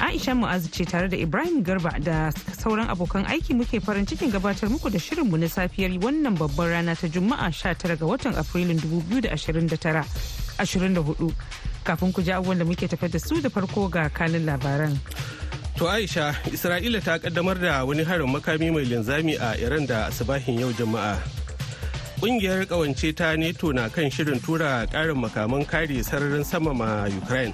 Aisha Mu'azu ce tare da Ibrahim Garba da sauran abokan aiki muke farin cikin gabatar muku da shirinmu na safiyar wannan babban rana ta Juma'a 19 ga watan Afrilun 2024. Kafin ku ji abubuwan da muke tafe da su da farko ga kanin labaran. To Aisha, Isra'ila ta kaddamar da wani harin makami mai linzami a Iran da asibahin yau Juma'a. Ƙungiyar ƙawance ta NATO na kan shirin tura ƙarin makaman kare sararin sama ma Ukraine.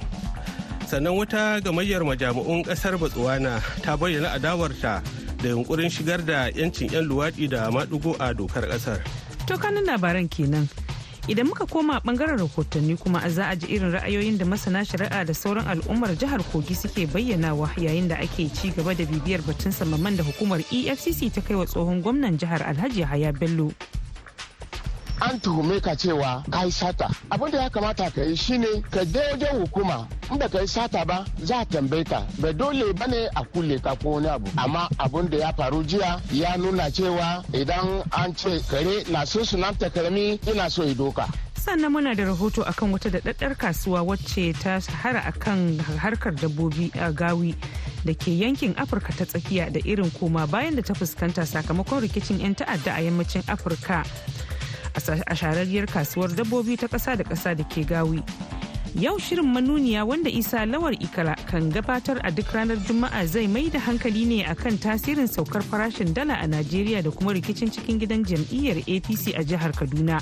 sannan wata gamayyar majami'un kasar botswana ta bayyana adawarta da yunkurin shigar da 'yancin 'yan luwaɗi da maɗigo a dokar kasar to kanin labaran kenan idan muka koma bangaren rahotanni kuma za a ji irin ra'ayoyin da masana shari'a da sauran al'ummar jihar kogi suke bayyanawa yayin da ake ci gaba da bibiyar batun samaman da hukumar efcc ta kai wa tsohon gwamnan jihar alhaji haya bello an tuhume ka cewa ka yi sata abin da ya kamata ka yi shine ka je wajen hukuma in ba ka yi sata ba za a tambaye ka ba dole ba ne a kulle ka ko wani abu amma abin da ya faru jiya ya nuna cewa idan an ce kare na so sunanta karami ina so ya doka sannan muna da rahoto akan wata daɗaɗɗar kasuwa wacce ta shahara akan harkar dabbobi a gawi da ke yankin afirka ta tsakiya da irin koma bayan da ta fuskanta sakamakon rikicin 'yan ta'adda a yammacin afirka a shararriyar kasuwar dabbobi ta ƙasa da ƙasa da ke gawi. Yau shirin manuniya wanda Isa Lawar Ikala kan gabatar a duk ranar Juma'a zai mai da hankali ne a kan tasirin saukar farashin dala a Najeriya da kuma rikicin cikin gidan jam'iyyar APC a jihar Kaduna.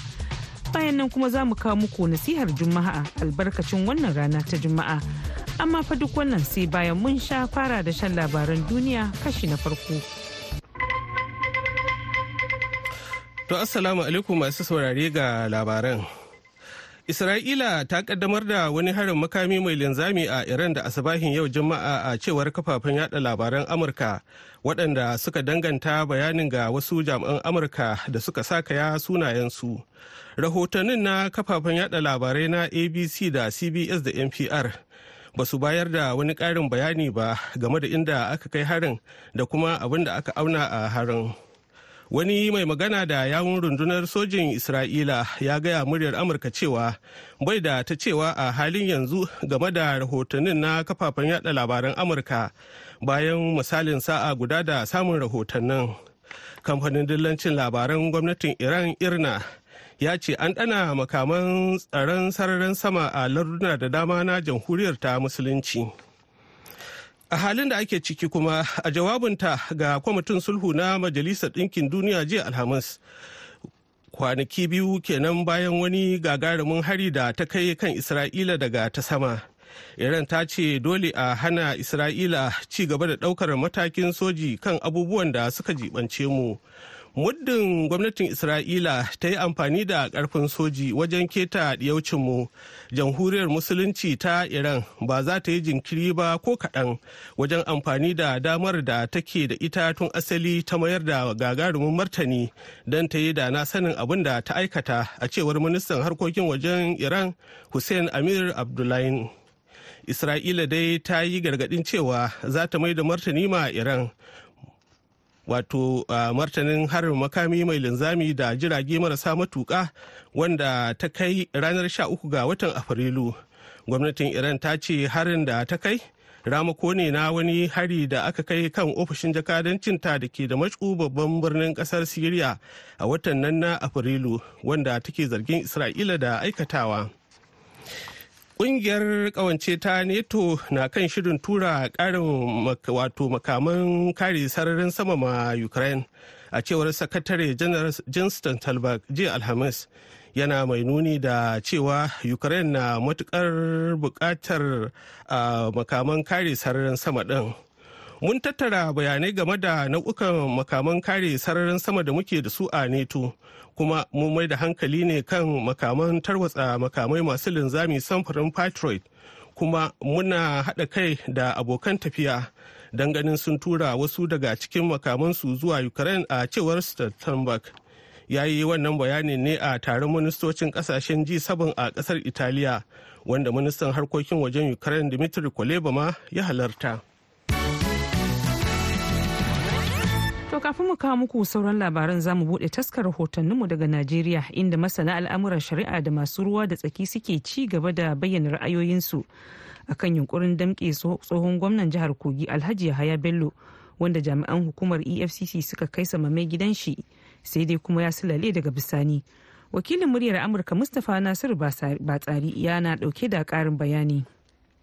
Bayan nan kuma za mu kawo muku nasihar Juma'a albarkacin wannan rana ta Juma'a. Amma fa duk wannan sai bayan mun sha fara da shan labaran duniya kashi na farko. To assalamu alaikum masu saurare ga labaran. Isra'ila ta kaddamar da wani harin makami mai linzami a Iran da asabahin yau Juma'a a cewar kafafen yada labaran Amurka waɗanda suka danganta bayanin ga wasu jami'an Amurka da suka sakaya sunayensu. Rahotannin na kafafen yada labarai na ABC da CBS da NPR ba su bayar da wani ƙarin bayani ba game da inda aka kai harin da kuma abin da aka auna a harin. wani mai magana da yawun rundunar sojin isra'ila ya gaya muryar amurka cewa bai da ta cewa a halin yanzu game da rahotannin na kafafen yada labaran amurka bayan misalin sa'a guda da samun rahotannin kamfanin dillancin labaran gwamnatin iran irna ya ce an ɗana makaman tsaron sararin sama a larduna da dama na jamhuriyar ta musulunci a halin da ake ciki kuma a jawabinta ga kwamitin sulhu na majalisar ɗinkin duniya jiya alhamis kwanaki biyu kenan bayan wani gagarumin hari da ta kai kan isra'ila daga ta sama iran ta ce dole a hana isra'ila ci gaba da ɗaukar matakin soji kan abubuwan da suka jibance mu muddin gwamnatin isra'ila ta yi amfani da karfin soji wajen keta mu jamhuriyar musulunci ta iran ba za ta yi jinkiri ba ko kaɗan wajen amfani da damar da take da ita tun asali ta mayar da gagarumin martani don ta yi da na sanin abin da ta aikata a cewar ministan harkokin wajen iran hussein amir abdullahi isra'ila dai ta yi gargaɗin cewa za ta mai da martani ma iran wato martanin harin makami mai linzami da jirage marasa matuƙa wanda ta kai ranar 13 ga watan afrilu gwamnatin iran ta ce harin da ta kai ramako ne na wani hari da aka kai kan ofishin jakadancinta da ke da mashku babban birnin kasar syria a watan nan na afrilu wanda take zargin isra'ila da aikatawa Ƙungiyar ƙawance ta neto na kan shirin tura ƙarin wato makaman kare sararin sama ma Ukraine a cewar sakatare janar Jinston talbark jiya Alhamis. yana mai nuni da cewa ukraine na matukar bukatar ah, makaman kare sararin sama ɗin mun tattara bayanai game da nau'ukan makaman kare sararin sama da muke da su a neto kuma mun mai da hankali ne kan makaman tarwatsa makamai masu linzami samfurin patriot kuma muna haɗa kai da abokan tafiya don ganin sun tura wasu daga cikin makamansu zuwa ukraine a cewar stuttenberg ya yi wannan bayanin ne a taron ministocin kasashen g7 a kasar italiya wanda ministan harkokin wajen ukraine dimitri kuleba ma ya halarta To kafin mu kawo muku sauran labaran za mu buɗe taskar rahotanninmu daga Najeriya inda masana al'amuran shari'a da masu ruwa da tsaki suke ci gaba da bayyana ra'ayoyinsu akan yunkurin damƙe tsohon gwamnan jihar Kogi Alhaji Yahaya Bello wanda jami'an hukumar EFCC suka kai samame gidan shi sai dai kuma ya silale daga bisani. Wakilin muryar Amurka Mustapha Nasiru Batsari yana ɗauke da karin bayani.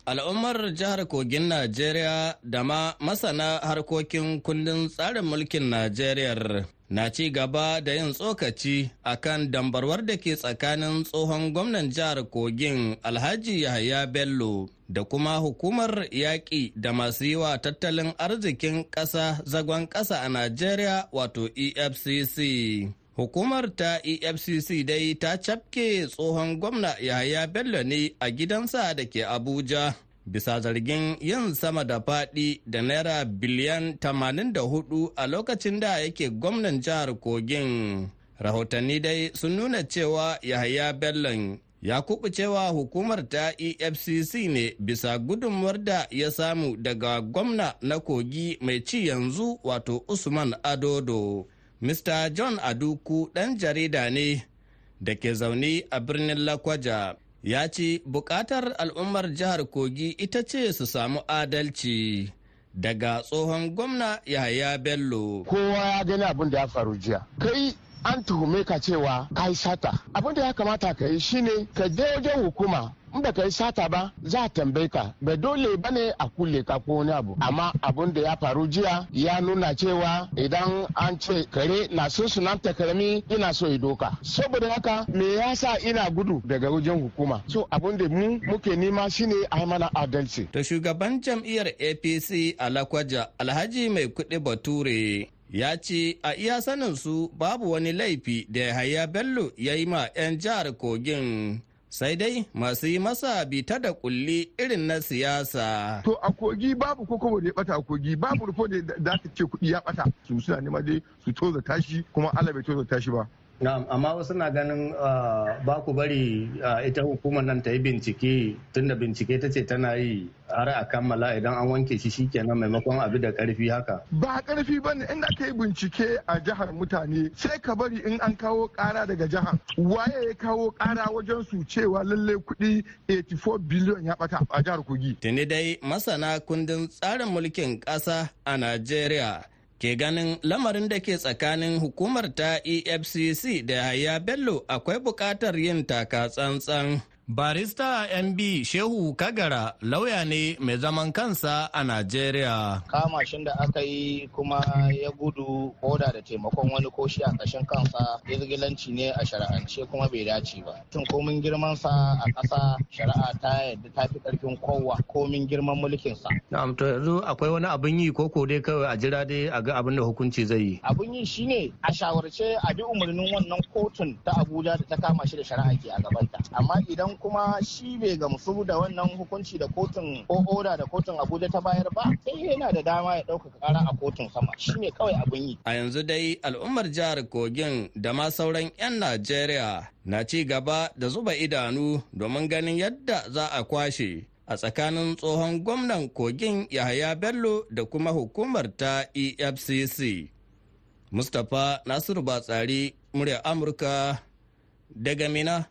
Al'ummar jihar Kogin Najeriya da ma masana harkokin kundin tsarin mulkin Najeriya na ci gaba da yin tsokaci a kan dambarwar da ke tsakanin tsohon gwamnan jihar Kogin Alhaji Yahaya Bello da kuma hukumar yaƙi da masu yi wa tattalin arzikin ƙasa zagon ƙasa a Najeriya wato EFCC. Hukumar ta EFCC dai ta cafke tsohon gwamna Yahaya Bello ne a gidansa da ke Abuja bisa zargin yin sama da faɗi da naira biliyan 84 a lokacin da yake gwamnan jihar Kogin. Rahotanni dai sun nuna cewa Yahaya Bello ya cewa hukumar ta efcc ne bisa gudunmuwar da ya samu daga gwamna na kogi mai ci yanzu wato usman adodo Mista John Aduku ɗan jarida ne da ke zaune a birnin Lakwaja ya ce buƙatar al'ummar jihar Kogi ita ce su samu adalci. daga tsohon gwamna yahaya bello kowa ya gani abin da ya faru jiya kai an tuhume ka cewa ka yi sata abin da ya kamata ka yi shine ka je wajen hukuma in ba ka yi sata ba za a tambaye ka bai dole ba ne a kulle ka ko wani abu amma abun da ya faru jiya ya nuna cewa idan an ce kare na sunan takarami ina so ya doka saboda haka me yasa ina gudu daga wajen hukuma so abun da mu muke nema shine a mana adalci to shugaban jam'iyyar apc alakwaja alhaji mai kuɗi bature ya ce a iya sanin su babu wani laifi da yahaya bello ya yi ma 'yan jihar kogin sai dai masu yi masa bita da kulli irin na siyasa. To a kogi babu ko kowa da ya bata a kogi babu rufo da za ta ce kuɗi ya bata su suna nema dai su toza tashi kuma ala bai toza tashi ba. Na'am, amma wasu na ganin ah, ba ku bari ah, ita hukumar nan ta yi bincike tunda bincike ta ce tana yi har a kammala idan an wanke shi shi shikenan maimakon abu da karfi haka. Ba karfi ba ne inda aka yi bincike a jihar mutane sai ka bari in an kawo kara daga jihar. Waye ya kawo kara wajen su cewa lalle kuɗi 84 biliyon ya bata a jihar Kogi. Tuni dai masana kundin tsarin mulkin ƙasa a Najeriya ke ganin lamarin da ke tsakanin hukumar ta efcc da haya bello akwai buƙatar yin taka tsantsan Barista MB Shehu Kagara lauya ne mai zaman kansa a Najeriya. Kama shi da aka yi kuma ya gudu koda da taimakon wani koshi a ƙashin kansa izgilanci ne a shari'ance kuma bai dace ba. Tun komin girmansa a ƙasa shari'a ta yadda ta fi ƙarfin kowa komin girman mulkinsa. Na'am to yanzu akwai wani abin yi ko ko dai kawai a jira dai a ga abin da hukunci zai yi. Abin yi shine a shawarce a bi umarnin wannan kotun ta Abuja da ta kama shi da shari'a ke a gabanta. Amma idan an kuma shi bai gamsu da wannan hukunci da kotun ko oda da kotun abuja ta bayar ba sai yana da dama ya ɗaukaka kara a kotun sama shi ne kawai abin yi a yanzu dai al'ummar jihar kogin da ma sauran 'yan najeriya na ci gaba da zuba idanu domin ganin yadda za a kwashe a tsakanin tsohon gwamnan kogin yahaya bello da kuma hukumar ta efcc mustapha nasiru batsari murya amurka daga mina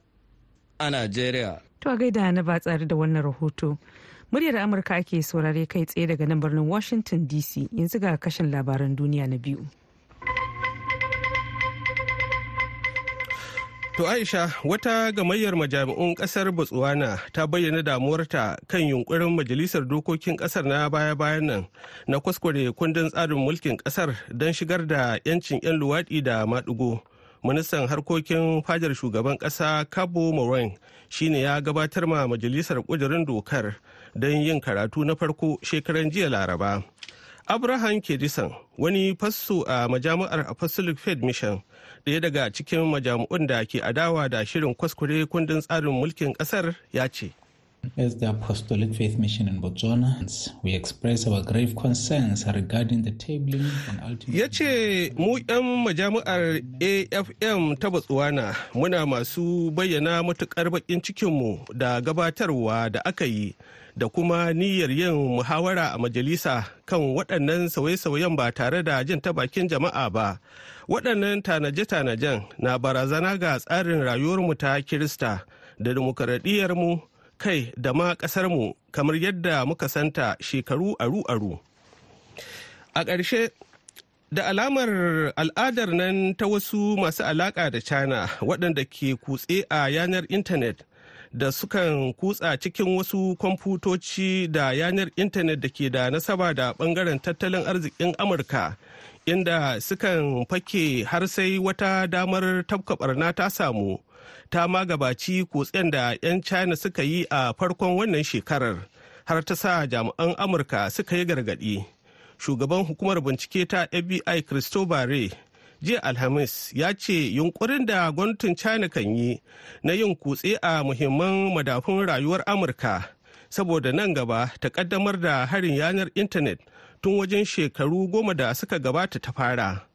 a Najeriya. To a gaida na ba tsari da wannan rahoto. Muryar Amurka ake saurare kai tsaye daga nan birnin Washington DC yanzu ga kashin labaran duniya na biyu. To Aisha wata gamayyar majami'un kasar Botswana ta bayyana damuwarta kan yunkurin majalisar dokokin kasar na baya-bayan nan na kwaskware kundin tsarin mulkin kasar don shigar da 'yancin 'yan luwaɗi da maɗigo ministan harkokin Fajar shugaban Kasa, cabo moran shine ya gabatar ma majalisar kudurin dokar don yin karatu na farko shekaran jiya laraba abraham kedisan wani fasso a majami'ar apostolic faith mission ɗaya daga cikin majami'un da ke adawa da shirin kwaskware kundin tsarin mulkin ƙasar ya ce As the Apostolic Faith Mission in Botswana, we express our grave concerns regarding the tabling and ultimate... Ya ce, mu 'yan majami'ar AFM ta Botswana muna masu bayyana matuƙar baƙin cikinmu da gabatarwa da aka yi da kuma niyyar yin muhawara a majalisa kan waɗannan sauye-sauyen ba tare da jin ta bakin jama'a ba. Waɗannan tanaje-tanajen na barazana ga tsarin rayuwarmu ta Kirista da dimokuraɗiyyarmu mu kai da ma ƙasarmu kamar yadda muka santa shekaru aru-aru. A ƙarshe, da alamar al'adar nan ta wasu masu alaƙa da China waɗanda ke kutse a yanar intanet da sukan kutsa cikin wasu kwamfutoci da yanar intanet da ke da nasaba da ɓangaren tattalin arzikin Amurka. inda sukan fake har sai wata damar tabka barna ta samu ta magabaci kutsen da 'yan china suka yi a farkon wannan shekarar har ta sa jami'an amurka suka yi gargadi shugaban hukumar bincike ta fbi christopher ray jiya alhamis ya ce yunkurin da gwamnatin china kan yi na yin kutse a muhimman madafun rayuwar amurka saboda nan gaba ta kaddamar da harin yanar intanet tun wajen shekaru goma da suka gabata ta fara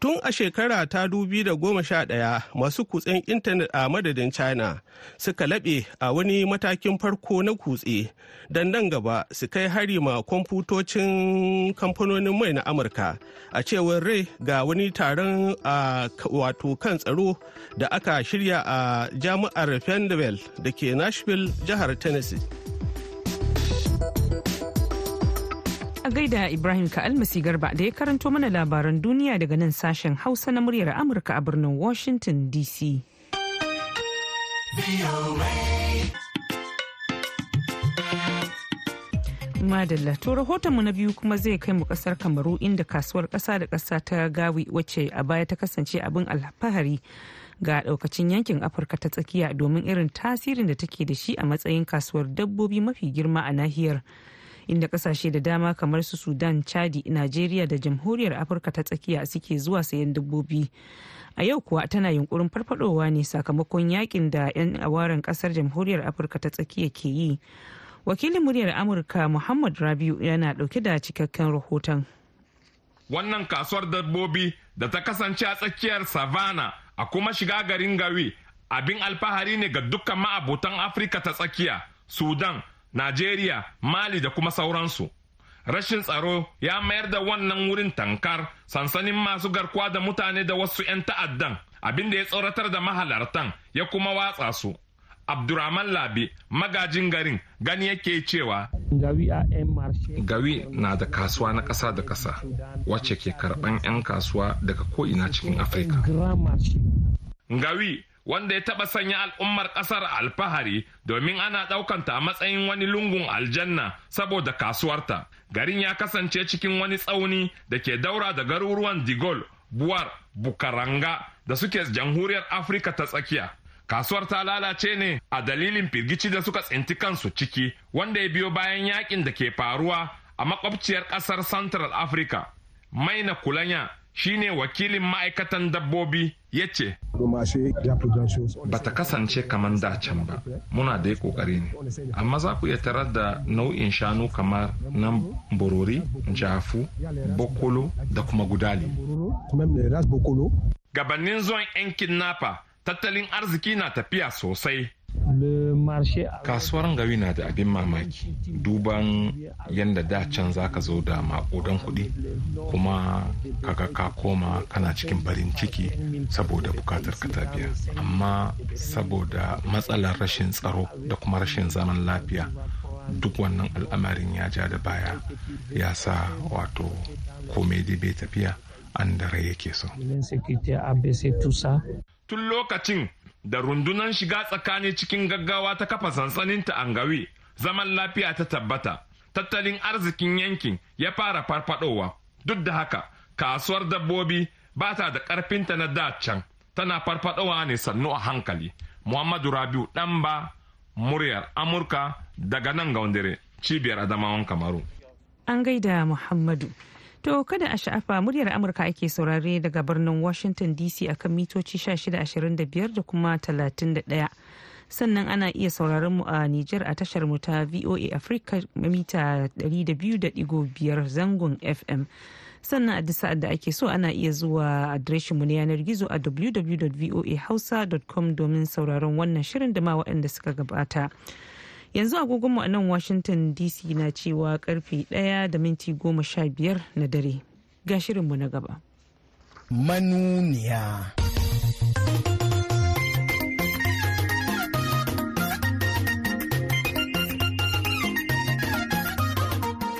tun a shekara ta dubi da sha ɗaya masu kutsen intanet a madadin china suka laɓe a wani matakin farko na kutse don nan gaba su kai hari ma kwamfutocin kamfanonin mai na amurka a cewar rai ga wani taron a wato kan tsaro da aka shirya a jami'ar vanderbilt da ke nashville jihar tennessee a gaida Ibrahim Ka'almasi Garba da ya karanto mana labaran duniya daga nan sashen Hausa na muryar Amurka a birnin Washington DC. Madalla to mu na biyu kuma zai kai mu kasar Kamaru inda kasuwar ƙasa da ƙasa ta gawi wacce a baya ta kasance abin alfahari ga daukacin yankin Afirka ta tsakiya domin irin tasirin da take da shi a matsayin kasuwar dabbobi mafi girma a nahiyar. inda kasashe da dama kamar su sudan chadi nigeria da jamhuriyar afirka ta tsakiya suke zuwa sayan dabbobi a yau kuwa tana yunkurin farfadowa ne sakamakon yakin da 'yan awaren kasar jamhuriyar afirka ta tsakiya ke yi wakilin muryar amurka muhammad rabiu yana dauke da cikakken rahoton wannan kasuwar dabbobi da ta kasance a tsakiyar savana a kuma shiga garin gawi abin alfahari ne ga dukkan ma'abotan afirka ta tsakiya sudan najeriya mali da kuma sauransu rashin tsaro ya mayar da wannan wurin tankar sansanin masu garkuwa da mutane da wasu 'yan ta'addan abin da ya tsoratar da mahalartan ya kuma watsa su abdurrahman labi magajin garin gani yake cewa gawi na da kasuwa na ƙasa da ƙasa wacce ke karɓan 'yan kasuwa daga ko'ina cikin afirka gawi wanda ya taɓa sanya al'ummar ƙasar alfahari domin ana ɗaukanta a matsayin wani lungun aljanna saboda kasuwarta. Garin ya kasance cikin wani tsauni da ke daura da garuruwan Digol, Buwar, Bukaranga da suke jamhuriyar Afirka ta tsakiya. Kasuwar ta lalace ne a dalilin firgici da suka tsinti kansu ciki wanda ya biyo bayan yakin da ke faruwa a makwabciyar ƙasar Central Africa. Maina Kulanya shine wakilin ma'aikatan dabbobi ya ce ba ta kasance kamar dacen ba muna da ya kokari ne amma za ku iya tarar da nau'in shanu kamar na borori jafu bokolo da kuma gudali gabanin zon yan kidnapper tattalin arziki na tafiya sosai kasuwar gari na da abin mamaki duban yadda da can za ka zo da makudan kuɗi kuma kaga ka koma kana cikin farin ciki saboda bukatar ka tafiya amma saboda matsalar rashin tsaro da kuma rashin zaman lafiya duk wannan al'amarin ya ja da baya ya sa wato komai dai bai tafiya an dare yake so tun lokacin da rundunan shiga tsakani cikin gaggawa ta kafa sansanin ta angawi zaman lafiya ta tabbata tattalin arzikin yankin ya fara farfadowa duk da haka kasuwar dabbobi ba ta da karfinta na da can tana farfadowa ne sannu a hankali muhammadu rabiu dan ba muryar amurka daga nan ga wandere cibiyar adamawan kamaru an gaida muhammadu To kada a sha'afa muryar Amurka ake saurare daga birnin Washington DC akan mitoci 1625 da kuma 31. Sannan ana iya sauraron mu a Nijar a tashar mu ta VOA Africa mita 200.5 zangon FM. Sannan a duk sa'ad da ake so ana iya zuwa adireshinmu na yanar gizo a www.voahausa.com domin sauraron wannan shirin da ma waɗanda suka gabata. yanzu agogonmu a nan washington dc na cewa karfe ɗaya da minti goma sha biyar na dare ga shirinmu na gaba manuniya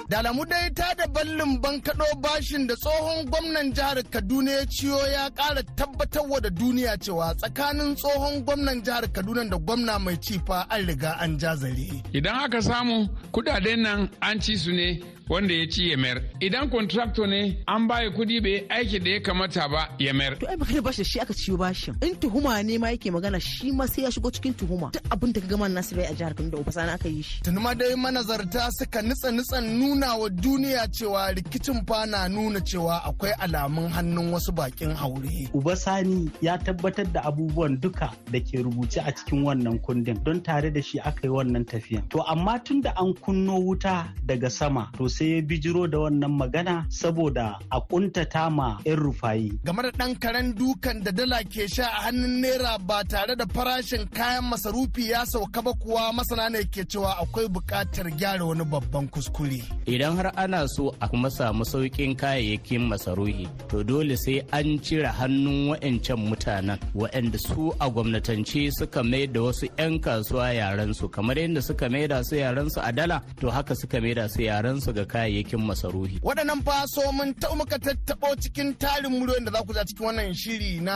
Da alamu dai ta da ballin bankaɗo bashin da tsohon gwamnan jihar Kaduna ya ciyo ya ƙara tabbatarwa da duniya cewa tsakanin tsohon gwamnan jihar Kaduna da gwamna mai cifa an riga an ja jazare. Idan aka samu kudaden nan an ci su ne wanda ya ci yamer idan kontrakto ne an baya kuɗi bai aiki da ya kamata ba yamer to ai magana bashi shi aka ciyo bashin in tuhuma ne ma yake magana shi ma sai ya shigo cikin tuhuma duk abin da kaga nasu bai a jihar Kano ba sana aka yi shi tun ma dai manazarta suka nitsa nitsan nuna wa duniya cewa rikicin fa na nuna cewa akwai alamun hannun wasu bakin haure uba sani ya tabbatar da abubuwan duka da ke rubuce a cikin wannan kundin don tare da shi aka yi wannan tafiyan to amma tun da an kunno wuta daga sama to sai ya bijiro da wannan magana saboda a kuntata ma 'yan rufayi. Game da ɗan karen dukan da dala ke sha a hannun naira ba tare da farashin kayan masarufi ya sauka ba kuwa masana ne ke cewa akwai buƙatar gyara wani babban kuskure. Idan har ana so a kuma samu sauƙin kayayyakin masarufi to dole sai an cire hannun wa'ancan mutanen wa'anda su a gwamnatance suka mai da wasu 'yan kasuwa yaran kamar yadda suka maida su yaran a dala to haka suka maida su yaran su ga kayayyakin masarufi. Waɗannan faso mun ta muka tattaɓo cikin tarin muryoyin da za ku za cikin wannan shiri na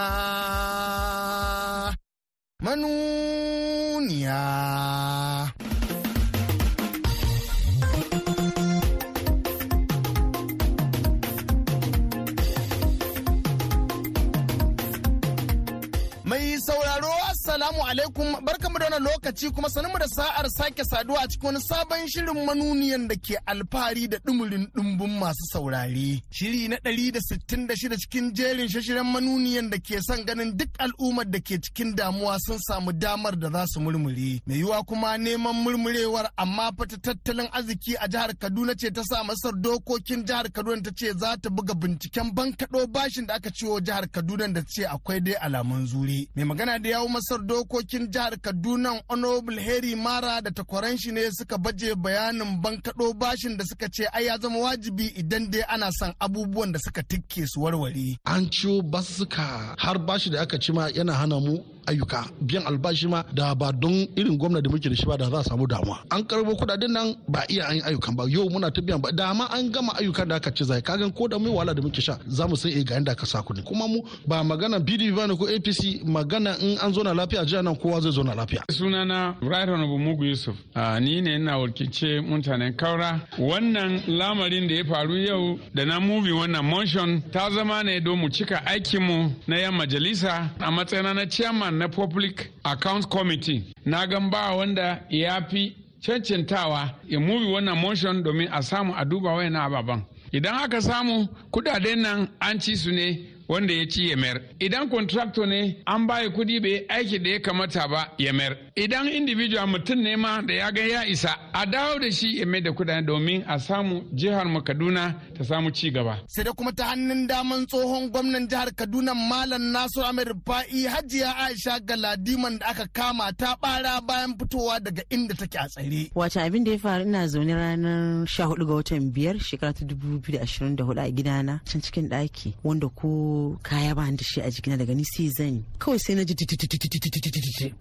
manuniya. Mai sauraro Assalamu alaikum. kuma barkamu da wannan lokaci kuma sanin mu da sa'ar sake saduwa a cikin wani sabon shirin manuniyan da ke alfahari da dumurin dumbun masu saurare. Shiri na ɗari da sittin da shida cikin jerin shashiren manuniyan da ke son ganin duk al'ummar da ke cikin damuwa sun samu damar da za su murmure. Mai yiwuwa kuma neman murmurewar amma fata tattalin arziki a jihar Kaduna ce ta sa masar dokokin jihar Kaduna ta ce za ta buga binciken bankaɗo bashin da aka ciwo jihar Kaduna da ce akwai dai alamun zuri. Mai magana da yawo masar dokokin jihar Kaduna Honorable Harry Mara da takwaran shi ne suka baje bayanin bankaɗo bashin da suka ce ai ya zama wajibi idan dai ana son abubuwan da suka tikke su warware. An ciwo basuka har bashi da aka cima yana hana mu ayyuka biyan albashi ma da ba don irin gwamna da muke da shi ba da za a samu damuwa an karbo kudaden nan ba iya an yi ayyukan ba yau muna ta biyan ba da ma an gama ayyukan da aka ci zai kagan ko da mai wala da muke sha za mu san eh ga inda ka sa kuɗi kuma mu ba magana PDP ba ne ko APC magana in an zo na lafiya jiya nan kowa zai zo na lafiya sunana Right Honorable Mugu Yusuf ni ne ina wakilce mutanen Kaura wannan lamarin da ya faru yau da na movie wannan motion ta zama ne don mu cika aikin mu na yan majalisa a matsayina na chairman na public account committee na gan ba wanda ya fi cancantawa ya mubi wannan motion domin a samu a duba wayannan ababen idan aka samu kudaden nan an ci su ne wanda ya ci yamer idan contractor ne an baya kudi bai aiki da ya kamata ba yamer idan individual mutum ne ma da ya ga ya isa a dawo da shi ya mai da kudane domin a samu jihar mu kaduna ta samu ci gaba sai da kuma ta hannun daman tsohon gwamnan jihar kaduna malam nasiru amir fa'i hajiya aisha galadiman da aka kama ta bara bayan fitowa daga inda take a tsare wata abin da ya faru ina zaune ranar 14 ga watan biyar shekara ta 2024 a na can cikin daki wanda ko kaya ba da shi a jikina daga ni sai zan kawai sai na ji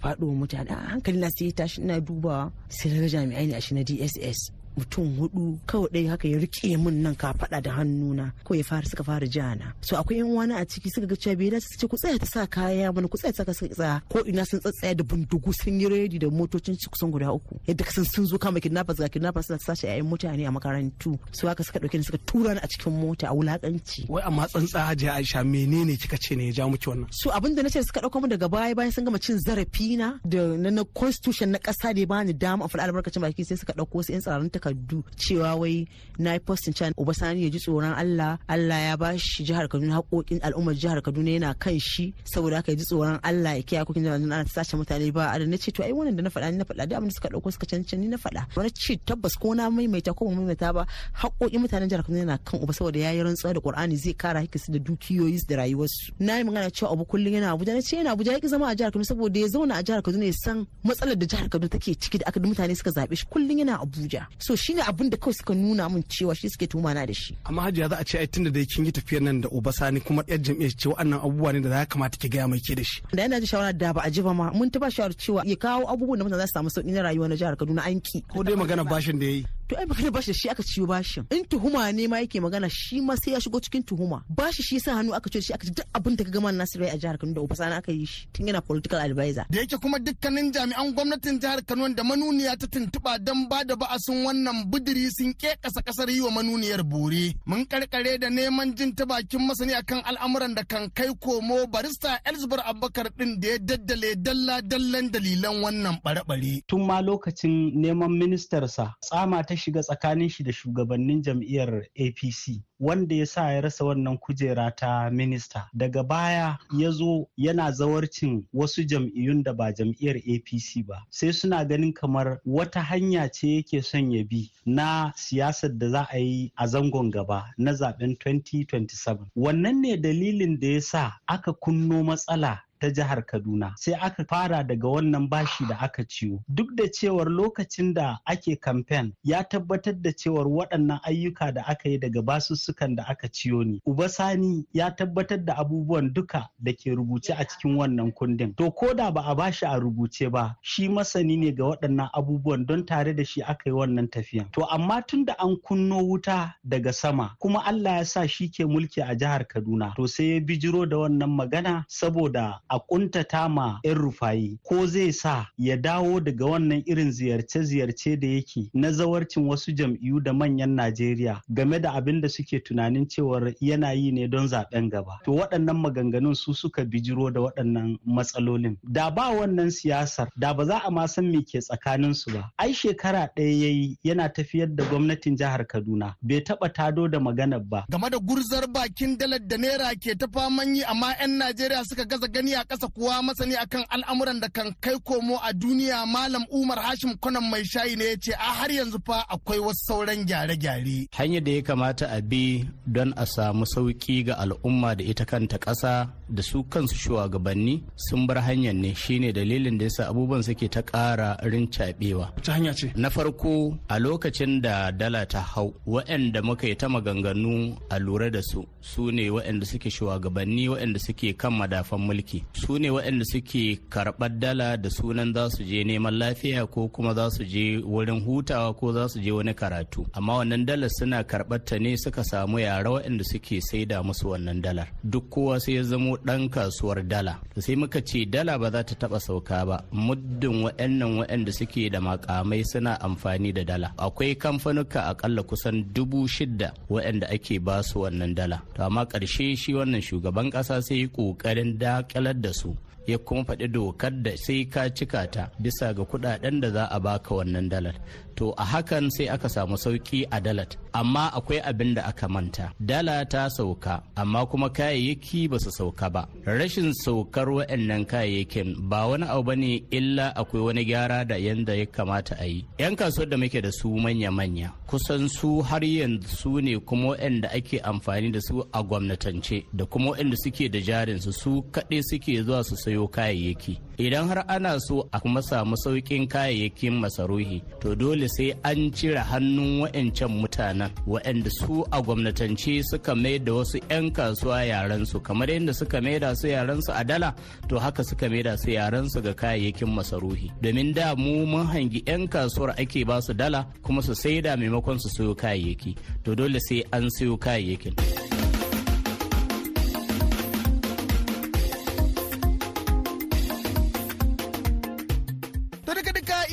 faɗo mutane hankali na sai ya tashi ina dubawa sai daga jami'ai ne a shi na dss mutum hudu kawai ɗaya haka ya rike min nan ka faɗa da hannuna ko ya fara suka fara jana so akwai yan wani a ciki suka ga cewa bai dace ce ku tsaya ta sa kaya mana ku tsaya ta sa tsaya ko ina sun tsatsaya da bindigu sun yi redi da motocin ci kusan guda uku yadda kasan sun zo kama kidnappers ga kidnappers suna a yayin mutane a makarantu su haka suka dauke ni suka tura ni a cikin mota a wulakanci wai amma tsantsa hajiya Aisha menene kika ce ne ya ja miki wannan so abin da nace suka dauko min daga baya bayan sun gama cin zarafi na da na constitution na kasa da ni dama a faɗa albarkacin baki sai suka dauko su yan tsararrun takardu cewa wai na yi postin can Obasani ya ji tsoron Allah Allah ya bashi jihar Kaduna haƙoƙin al'ummar jihar Kaduna yana kan shi saboda haka ya ji tsoron Allah ya kiyaye haƙoƙin jihar Kaduna ana sace mutane ba a na ce to ai wannan da na faɗa ni na faɗa da abin da suka ɗauko suka cancanci na faɗa wani ce tabbas ko na maimaita ko ba maimaita ba haƙoƙin mutanen jihar Kaduna yana kan uba saboda ya yi rantsuwa da Qur'ani zai kara haƙƙinsu da dukiyoyi da rayuwarsu na yi magana cewa abu kullum yana Abuja na ce yana Abuja ya ki zama a jihar Kaduna saboda ya zauna a jihar Kaduna ya san matsalar da jihar Kaduna take ciki da aka mutane suka zaɓe shi kullum yana Abuja so shine abin da kawai suka nuna mun cewa shi suke tuma na da shi amma hajiya za a ce ai tunda da kin yi tafiyar nan da obasani kuma yar jam'iyyar ce wa'annan abubuwa ne da za kamata ki gaya mai ke da shi da yana ji shawara da ba a ji ba ma mun ta ba shawara cewa ya kawo abubuwan da mutane za su samu sauki na rayuwa na jihar Kaduna an ki ko dai magana bashin da yayi to ai magana bashi shi aka ciyo bashin in tuhuma ne ma yake magana shi ma sai ya shigo cikin tuhuma bashi shi sa hannu aka ciyo shi aka ci duk abin da ka gama Nasiru a jihar Kano da Obasana aka yi shi tun yana political adviser. da yake kuma dukkanin jami'an gwamnatin jihar Kano da manuniya ta tuntuba dan ba da ba'asin wannan budiri sun kekasa kasar yi wa manuniyar bore mun karkare da neman jin ta bakin masani akan al'amuran da kan kai komo barista Elsbar Abubakar din da ya daddale dalla dallan dalilan wannan bare-bare tun ma lokacin neman ministarsa tsama ta shiga tsakanin shi da shugabannin jam'iyyar apc wanda ya sa ya rasa wannan kujera ta minista daga baya ya zo yana zawarcin wasu jam'iyyun da ba jam'iyyar apc ba sai suna ganin kamar wata hanya ce yake son ya bi na siyasar da za a yi a zangon gaba na zaben 2027 wannan ne dalilin da ya sa aka kunno matsala ta jihar Kaduna. Sai aka fara daga wannan bashi da aka ciwo. Duk da cewar lokacin da ake kamfen ya tabbatar da cewar waɗannan ayyuka da aka yi daga basussukan da aka ciyo ne. Uba Sani ya tabbatar da abubuwan duka da ke rubuce a cikin wannan kundin. To ko da ba a bashi a rubuce ba, shi masani ne ga waɗannan abubuwan don tare da shi aka yi wannan tafiyan. To amma tun da an kunno wuta daga sama, kuma Allah ya sa shi ke mulki a jihar Kaduna. To sai ya bijiro da wannan magana saboda a kuntata ma 'yan rufayi ko zai sa ya dawo daga wannan irin ziyarce-ziyarce da yake na zawarcin wasu jam'iyyu da manyan Najeriya game da abin da suke tunanin cewar yana yi ne don zaben gaba. To waɗannan maganganun su suka bijiro da waɗannan matsalolin. Da ba wannan siyasar da ba za a ma san me ke tsakanin su ba. Ai shekara ɗaya yayi yana tafiyar da gwamnatin jihar Kaduna bai taɓa tado da maganar ba. Game da gurzar bakin dalar da naira ke ta faman yi amma 'yan Najeriya suka gaza gani a ƙasa kuwa masani akan al'amuran da kan kai komo a duniya Malam Umar Hashim Kwanan mai shayi ne ya ce a har yanzu fa akwai wasu sauran gyare-gyare. Hanyar da ya kamata a bi don a samu sauki ga al'umma da ita kanta ƙasa da su kansu shugabanni sun bar hanyar ne shine dalilin da yasa abubuwan suke ta ƙara rincaɓewa. Ta hanya ce. Na farko a lokacin da dala ta hau waɗanda muka yi ta maganganu a lura da su su ne waɗanda suke shugabanni waɗanda suke kan madafan mulki su ne waɗanda suke karɓar dala da sunan za su je neman lafiya ko kuma za su je wurin hutawa ko za su je wani karatu amma wannan dalar suna karɓar ta ne suka samu yara waɗanda suke saida musu wannan dalar duk kowa sai ya zamo ɗan kasuwar dala sai muka ce dala ba za ta taɓa sauka ba muddin waɗannan waɗanda suke da makamai suna amfani da dala akwai kamfanuka akalla kusan dubu shidda waɗanda ake ba su wannan dala to amma ƙarshe shi wannan shugaban ƙasa sai yi ƙoƙarin daƙilar da su ya kuma faɗi dokar da sai ka cika ta bisa ga kuɗaɗen da za a baka wannan dalar to a hakan sai aka samu sauki a dalat amma akwai abin da aka manta dala ta sauka amma kuma kayayyaki ba su sauka ba rashin saukar waɗannan kayayyakin ba wani abu ba ne illa akwai wani gyara da yadda ya kamata a yi yan kasuwar da muke da su manya-manya kusan su har yanzu su ne kuma waɗanda ake amfani da su a gwamnatance da kuma waɗanda suke da jarin su su kaɗai suke zuwa su sayo siyo kayayyaki idan har ana so a kuma samu sauƙin kayayyakin masaruhi to dole sai an cire hannun wa'ancan mutanen wa'anda su a gwamnatance suka mai da wasu 'yan kasuwa yaran su kamar yadda suka mai da su yaran su a dala to haka suka mai da su yaran su ga kayayyakin masaruhi domin da mu mun hangi 'yan kasuwar ake ba su dala kuma su saida maimakon su siyo kayayyaki to dole sai an siyo kayayyakin.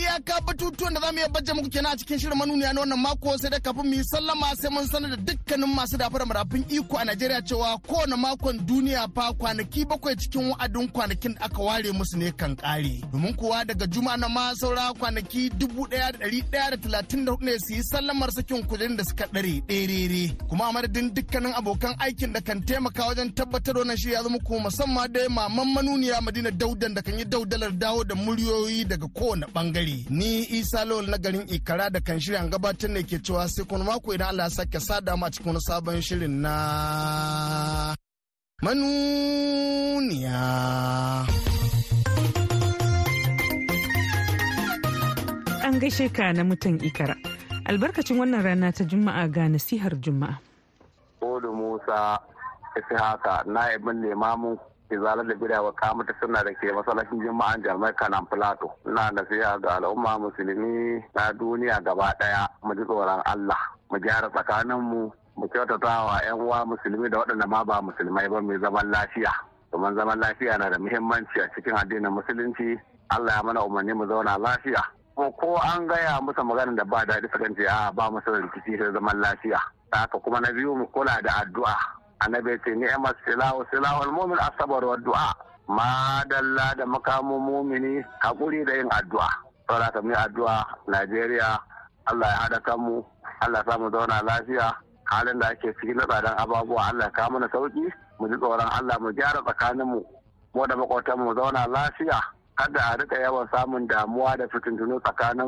iyaka batutuwan da zamu mu iya bajje muku kenan a cikin shirin manuniya na wannan mako sai da kafin mu yi sallama sai mun sanar da dukkanin masu dafa da marafin iko a Najeriya cewa kowane makon duniya fa kwanaki bakwai cikin wa'adin kwanakin da aka ware musu ne kan kare. Domin kuwa daga juma na ma saura kwanaki dubu ɗaya da ɗari ɗaya da talatin da ne su yi sallamar sakin kujerun da suka ɗare ɗerere. Kuma a madadin dukkanin abokan aikin da kan taimaka wajen tabbatar wannan shi ya zama kuma musamman dai maman manuniya Madina Daudan da kan yi daudalar dawo da muryoyi daga kowane bangare. ni isa lawal na garin ikara da kan shirin gabatar ne ke cewa sai kuma mako idan allah ya sake sa ma cikin sabon shirin na manuniya an gaishe ka na mutan ikara albarkacin wannan rana ta juma'a ga nasihar juma'a Odu Musa haka na ibin limamin izala da kama ta suna da ke masalacin jima'an jami'ar kanan plato na nasiha ga al'umma musulmi na duniya gaba daya mu ji tsoron allah mu gyara tsakaninmu mu kyautata wa 'yan uwa musulmi da waɗanda ma ba musulmai ba mai zaman lafiya domin zaman lafiya na da muhimmanci a cikin addinin musulunci allah ya mana umarni mu zauna lafiya ko an gaya musu maganar da ba daɗi sukan ce a ba musu rikici sai zaman lafiya haka kuma na biyu mu kula da addu'a annabi ya ce ni'mat silahu silahul mu'min asabar wa du'a ma dalla da makamun mumini hakuri da yin addu'a saboda ta addu'a Najeriya Allah ya hada kanmu Allah ya samu zauna lafiya halin da ake ciki na tsadan ababuwa Allah ya kawo mana sauki mu ji tsoron Allah mu gyara tsakaninmu mu da makwatan mu zauna lafiya kada a rika yawan samun damuwa da fitintunu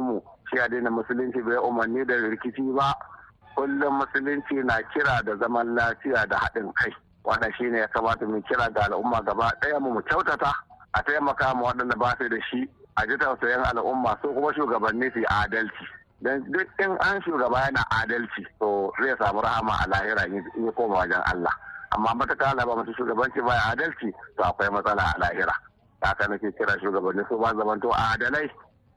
mu shi addinin musulunci bai umarni da rikici ba kullum musulunci na kira da zaman lafiya da haɗin kai wannan ne ya kamata mu kira ga al'umma gaba ɗaya mu kyautata a taimaka mu waɗanda ba su da shi a ji tausayin al'umma su kuma shugabanni su adalci don duk in an shugaba yana adalci to zai samu rahama a lahira in yi koma wajen Allah amma mataka ba masu shugabanci ba adalci to akwai matsala a lahira haka nake kira shugabanni su ba zamanto adalai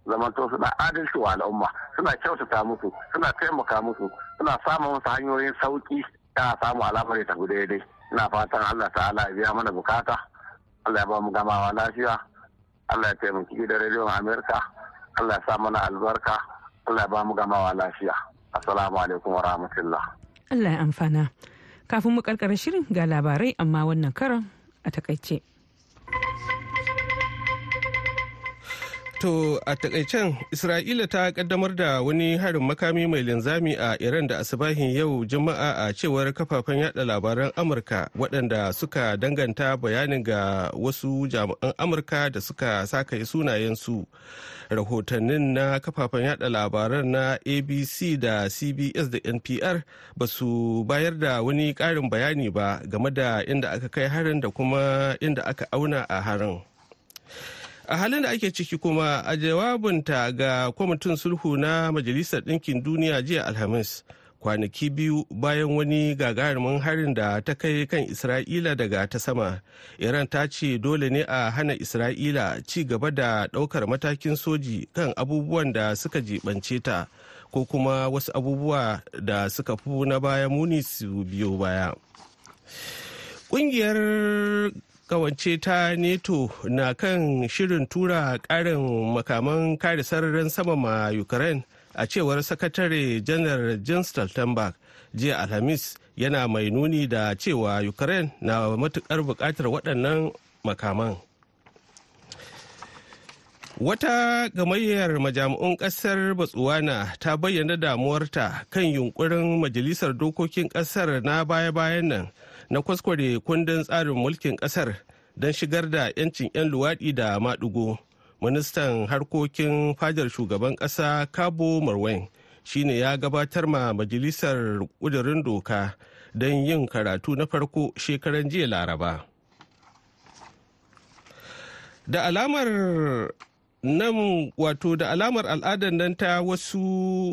zamanto suna adalci wa al'umma suna kyautata musu suna taimaka musu suna samun musu hanyoyin sauki ta samu alamar ta guda daidai ina fatan Allah ta'ala ya biya mana bukata Allah ya ba mu gamawa lafiya Allah ya taimaki gidan rediyon Amerika Allah ya sa mana albarka Allah ya ba mu gamawa lafiya assalamu alaikum wa rahmatullah Allah ya amfana kafin mu karkara shirin ga labarai amma wannan karan a takaice To a takaicen Isra'ila ta kaddamar da wani harin makami mai linzami a Iran da asibahin yau Juma'a a cewar kafafen yada labaran Amurka waɗanda suka danganta bayanin ga wasu jami'an Amurka da suka saka sunayensu. Rahotannin na kafafen yada labaran na ABC da CBS da NPR ba su bayar da wani ƙarin bayani ba game da inda aka kai harin da kuma inda aka auna a harin. a halin da ake ciki kuma a jawabinta ga kwamitin sulhu na majalisar ɗinkin duniya jiya alhamis kwanaki biyu bayan wani gagarumin harin da ta kai kan isra'ila daga ta sama iran ta ce dole ne a hana isra'ila ci gaba da ɗaukar matakin soji kan abubuwan da suka jibance ta ko kuma wasu abubuwa da suka fi na baya muni su biyo baya Ƙungiyar kawance ta neto na kan shirin tura karin makaman kare sararin sama ma ukraine a cewar sakatare janar jens stoltenberg jiya alhamis yana mai nuni da cewa ukraine na matukar bukatar waɗannan makaman wata gamayyar majami'un ƙasar botswana ta bayyana damuwarta kan yunkurin majalisar dokokin ƙasar na baya-bayan nan na kwaskware kundin tsarin mulkin kasar don shigar da 'yancin 'yan luwaɗi da maɗigo ministan harkokin fadar shugaban ƙasa cabo marwan shine ya gabatar ma majalisar ƙudurin doka don yin karatu na farko shekaran jiya laraba da alamar nan wato da alamar al'adar nan ta wasu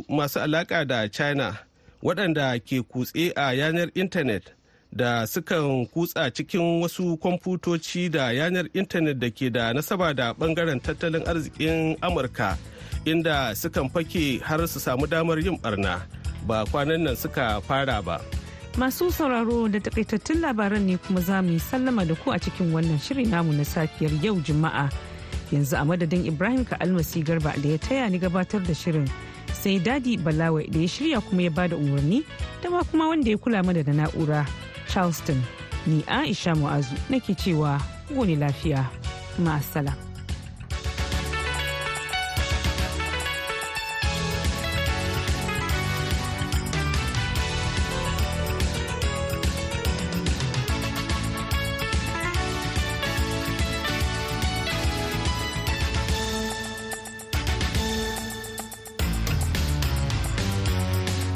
masu alaƙa da china waɗanda ke kutse a yanar intanet da sukan kutsa cikin wasu kwamfutoci da yanar intanet da ke da nasaba da bangaren tattalin arzikin amurka inda sukan fake har su samu damar yin barna ba kwanan nan suka fara ba masu sauraro da takaitattun labaran ne kuma za mu yi sallama da ku a cikin wannan shirin namu na safiyar yau juma'a yanzu a madadin ibrahim ka almasi garba da ya taya ni gabatar da shirin sai dadi balawai da ya shirya kuma ya bada umarni da ma kuma wanda ya kula mana da na'ura charleston ni aisha mu'azu nake cewa wuni lafiya ma'asala.